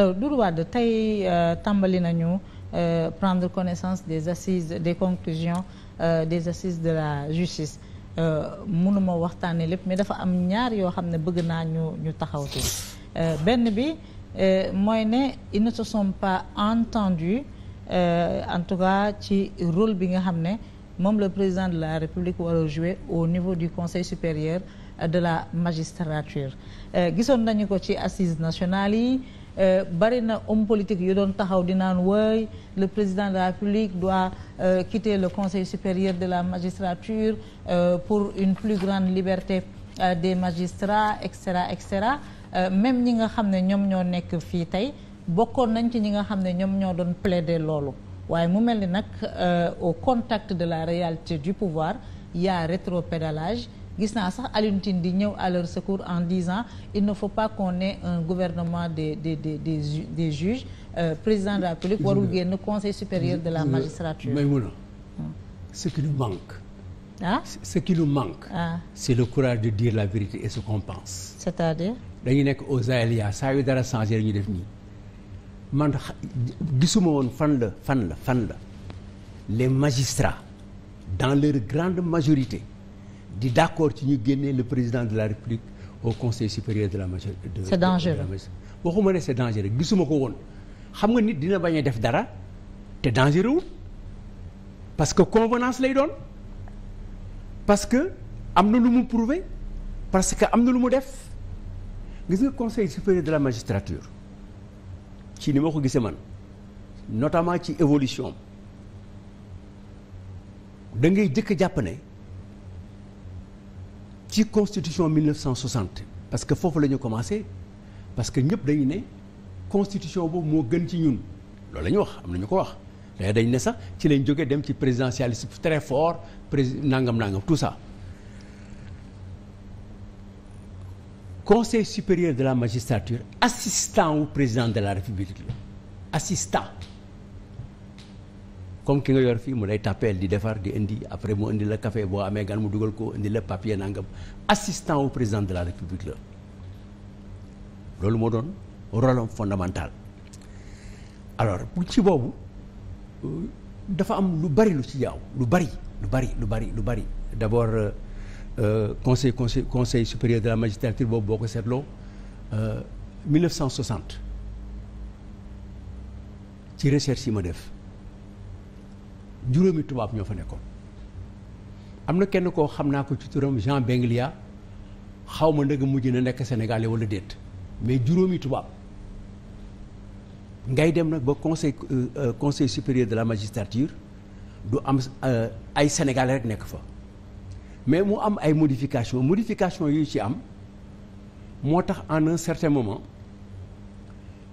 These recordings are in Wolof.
Euh, Doudou Wade tey euh, tàmbali nañu euh, prendre connaissance des assises des conclusions euh, des assises de la justice mënuma waxtaanee lépp mi dafa am ñaar yoo xam ne bëgg naa ñu ñu taxaw ci benn bi mooy ne ils ne se sont pas entendus en tout cas ci rôle bi nga xam ne moom le président de la République war a au niveau du Conseil supérieur de la magistrature gisoon nañu ko ci assises nationales yi Eh, bari na homme politique yu doon taxaw di naan wooy le président de la République doit eh, quitter le conseil supérieur de la magistrature eh, pour une plus grande liberté des magistrats et cetera et même ñi nga xam ne ñoom ñoo nekk fii tey bokkoon nañ ci ñi nga xam ne ñoom ñoo doon plaider loolu waaye mu mel ni nag au contact de la réalité du pouvoir il y rétropédalage gis naa sax Alioune di ñëw à leur secours en disant il ne faut pas qu'on ait un gouvernement des des des des des juges euh, président de la République warul génn conseil supérieur de la magistrature Maïmouna ce qui nous manque ah ce qui nous manque ah. c'est le courage de dire la vérité et ce qu'on pense c'est-à-dire dañu nekk aux aléas saa yu dara changé ñu def nii man gisuma woon fan la fan la fan la les magistrats dans leur grande majorité di d' ci ñu génne le président de la république au conseil supérieur de la magistrature. c' est dangereux ma ne c' est gisuma ko woon xam nga nit dina bañ a def dara te dangereux parce que convenance lay doon parce que am na lu mu prouver parce que am na lu mu def gis nga conseil supérieur de la magistrature ci ni ma ko gisee man notamment ci évolution da ngay jëkk jàpp ne. ci constitution 1960 parce que foofu lañu commencé parce que ñëpp dañu ne constitution boobu moo gën ci ñun loolu la ñu wax am na ñu ko wax da dañ ne sax ci lañ jógee dem ci présidentialisme très fort président nangam nangam tout ça conseil supérieur de la magistrature assistant wu président de la république la assistant comme ki nga yor fii mu lay tàppeel di defar di indi après mu indi la café boo amee gan mu dugal ko indi la papier nangam assistant au président de la république la loolu moo doon rôle fondamental alors bu ci boobu euh, dafa am lu bari lu ci jaaw lu bari lu bari lu bari lu bari d'abord euh, euh, conseil conseil conseil supérieur de la magistrature boobu boo ko seetloo 1960 euh, ci recherche yi ma def juróomi tubaab ñoo fa nekkoon am na kenn koo xam naa ko ci turam Jean Benglia xaw ma ndëgg mujj na nekk Sénégalais wala déet mais juróomi tubaab ngay dem nag ba conseil euh, euh, conseil supérieur de la magistrature du am euh, ay Sénégalais rek nekk fa mais mu am ay modification modification yu ci am moo tax en un certain moment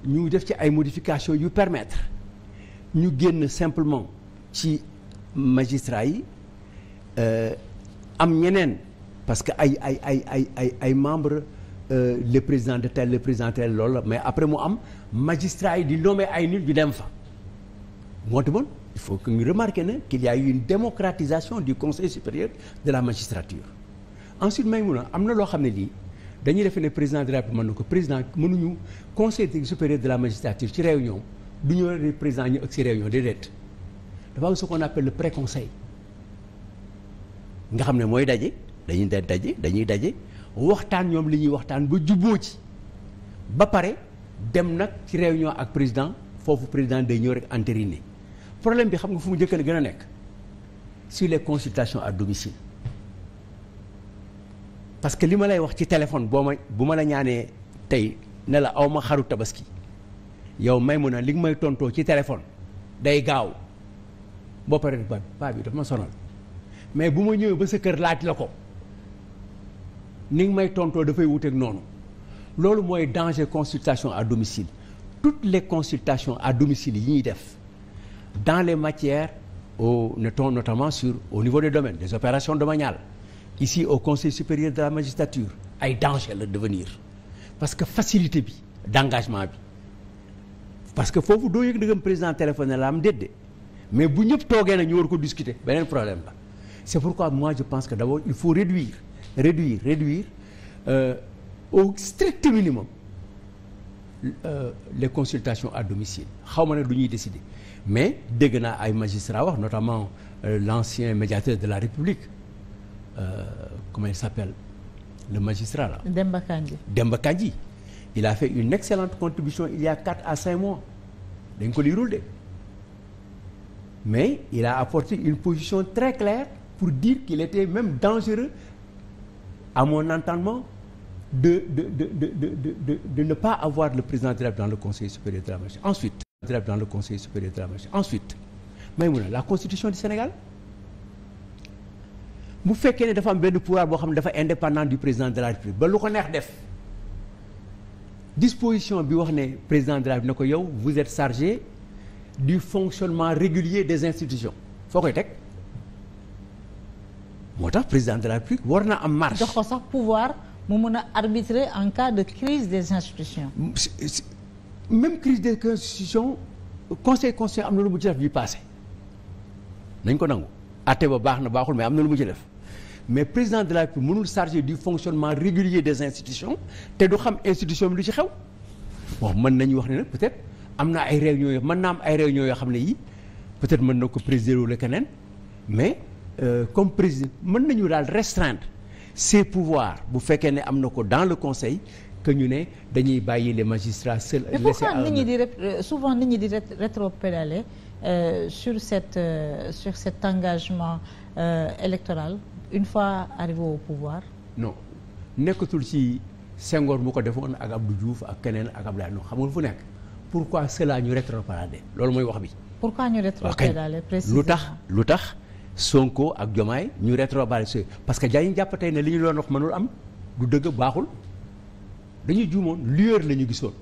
ñu def ci ay modification yu permettre ñu génn simplement ci magistrat yi euh, am ñeneen parce que ay ay ay ay ay ay membres euh, le président de tel le président tel loolu mais après mu am magistrat yi di nommé ay nit ñu dem fa moo moon il faut que ñu remarquer na qu'il y a eu une démocratisation du conseil supérieur de la magistrature ensuite may mun a am na loo xam ne lii dañuy defe ne président de la République mën na ko président mënuñu conseil supérieur de la magistrature ci réunion du ñu président ñu ak ci réunion déedéet dafa am ce qu'on appelle le pré-conseil nga xam ne mooy daje dañuy daje dañuy daje waxtaan ñoom li ñuy waxtaan ba jubboo ci ba pare dem nag ci réunion ak président foofu président day ñëw rek entériné problème bi xam nga fu mu njëkk la gën a nekk sur les consultations à domicile parce que li ma lay wax ci téléphone boo ma bu ma la ñaanee tey ne la awma xaru tabaski yow may mun a li nga may tontoo ci téléphone day gaaw boo paree ba paa bi dafa ma sonal mais bu ma ñëwee ba sa kër laaj la ko ni nga may tontoo dafay wuteek noonu loolu mooy danger consultation à domicile toutes les consultations à domicile yi ñuy def dans les matières au notamment sur au niveau des domaines des opérations domaniales ici au conseil supérieur de la magistrature ay danger la devenir parce que facilité bi d'engagement bi parce que foofu doo yëg ndëgam président téléphone la am déedéet mais bu ñëpp toogee nag ñu war ko discuter beneen problème la c'est pourquoi moi je pense que d'abord il faut réduire réduire réduire euh, au strict minimum euh, les consultations à domicile xaw ma ne du ñuy décider mais dégg naa ay magistrats wax notamment euh, l'ancien médiateur de la République euh, comment il s'appelle le magistrat là. Demba Kandji Demba Kandji il a fait une excellente contribution il y a quatre à cinq mois dañ ko liirul de. mais il a apporté une position très claire pour dire qu'il était même dangereux à mon entendement de de de de de de de ne pas avoir le président de la dans le conseil supérieur de la magistrature ensuite dans le conseil supérieur de la magistrature ensuite Maïmouna la constitution du Sénégal bu fekkee ne dafa am benn pouvoir boo xam ne dafa indépendant du président de la République ba lu ko neex def disposition bi wax ne président de la République ne ko yow vous êtes chargé du fonctionnement régulier des institutions foo koy teg moo tax président de la République war na am marge. jox ko sax pouvoir mu mën a arbitrer en cas de crise des institutions. même crise des institutions conseil conseil am na lu mu ci def bi passé nañ ko nangu. atte ba baax na baaxul mais am na lu mu ci def mais président de la République mënul chargé du fonctionnement régulier des institutions te du xam institution bi lu ci xew bon mën nañu wax ne nag peut-être. am na ay réunions yoo mën naa am ay réunions yoo xam ne yi peut-être mën na ko présider wala keneen mais euh, comme président mën na nañu daal restreindre ses pouvoirs bu fekkee ne am na ko dans le conseil que ñu ne dañuy bàyyi les magistrats seuls. mais pourquoi nit ñi di euh, souvent nit ñi di rétropédaler euh, sur cette euh, sur cet engagement euh, électoral une fois arrivé au pouvoir. non nekkatul ci sengoor mu ko defoon ak lu Diouf ak keneen ak Abdoulaye Ndong xam nga fu nekk. pourquoi cela ñu rétrograder loolu mooy wax bi. pourquoi ñu rétrograder précisément lu tax lu tax Sonko ak Jomaay ñu rétrograder parce que dañuy jàpp tey ne li ñu doon wax manul am du dëgg baaxul dañuy jumoon lueur la ñu gisoon.